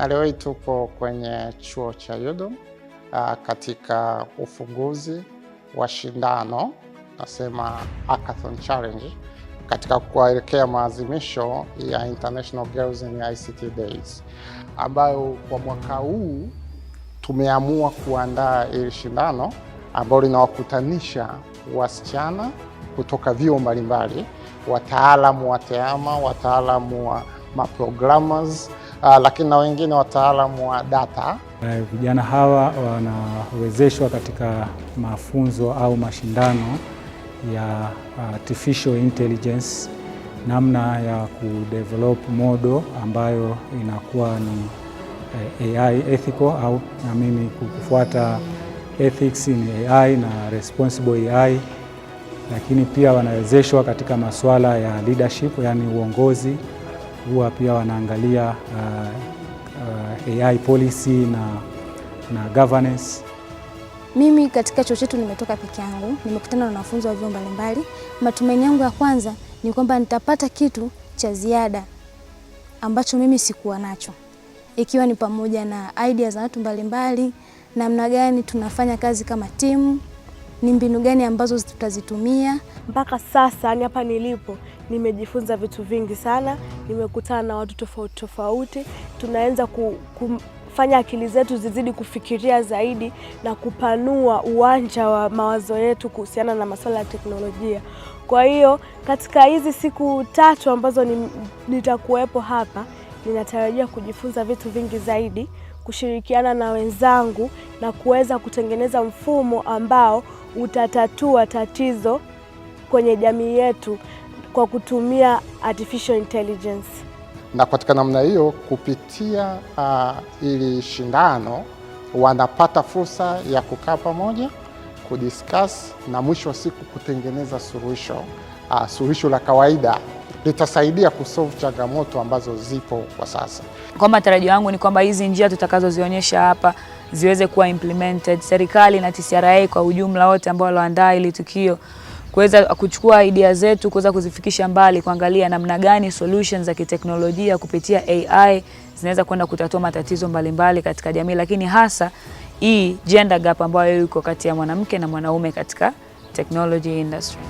na leo hii tupo kwenye chuo cha UDOM ah, katika ufunguzi wa shindano nasema hackathon challenge katika kuelekea maadhimisho ya International Girls in ICT Days ambayo kwa mwaka huu tumeamua kuandaa hili shindano ambalo linawakutanisha wasichana kutoka vyuo mbalimbali, wataalamu wa tehama, wataalamu wa maprogrammers uh, lakini na wengine wataalamu wa data. Eh, vijana hawa wanawezeshwa katika mafunzo au mashindano ya artificial intelligence, namna ya kudevelop model ambayo inakuwa ni eh, AI ethical au na mimi kufuata ethics in AI na responsible AI, lakini pia wanawezeshwa katika masuala ya leadership, yani uongozi huwa pia wanaangalia uh, uh, AI policy na, na governance. Mimi katika chuo chetu nimetoka peke yangu, nimekutana na wanafunzi wa vyuo mbalimbali. Matumaini yangu ya kwanza ni kwamba nitapata kitu cha ziada ambacho mimi sikuwa nacho, ikiwa ni pamoja na idea za watu mbalimbali, namna gani tunafanya kazi kama timu, ni mbinu gani ambazo tutazitumia. Mpaka sasa ni yaani hapa nilipo nimejifunza vitu vingi sana, nimekutana na watu tofauti tofauti, tunaanza ku, kufanya akili zetu zizidi kufikiria zaidi na kupanua uwanja wa mawazo yetu kuhusiana na masuala ya teknolojia. Kwa hiyo katika hizi siku tatu ambazo nitakuwepo hapa, ninatarajia kujifunza vitu vingi zaidi, kushirikiana na wenzangu na kuweza kutengeneza mfumo ambao utatatua tatizo kwenye jamii yetu kwa kutumia artificial intelligence. Na katika namna hiyo kupitia uh, ili shindano wanapata fursa ya kukaa pamoja kudiscuss na mwisho wa siku kutengeneza suluhisho uh, suluhisho la kawaida litasaidia kusolve changamoto ambazo zipo kwa sasa. Kwa matarajio yangu ni kwamba hizi njia tutakazozionyesha hapa ziweze kuwa implemented, serikali na TCRA kwa ujumla wote ambao walioandaa ili tukio kuweza kuchukua idea zetu kuweza kuzifikisha mbali, kuangalia namna gani solutions za kiteknolojia kupitia AI zinaweza kwenda kutatua matatizo mbalimbali mbali katika jamii, lakini hasa hii gender gap ambayo iko kati ya mwanamke na mwanaume katika technology industry.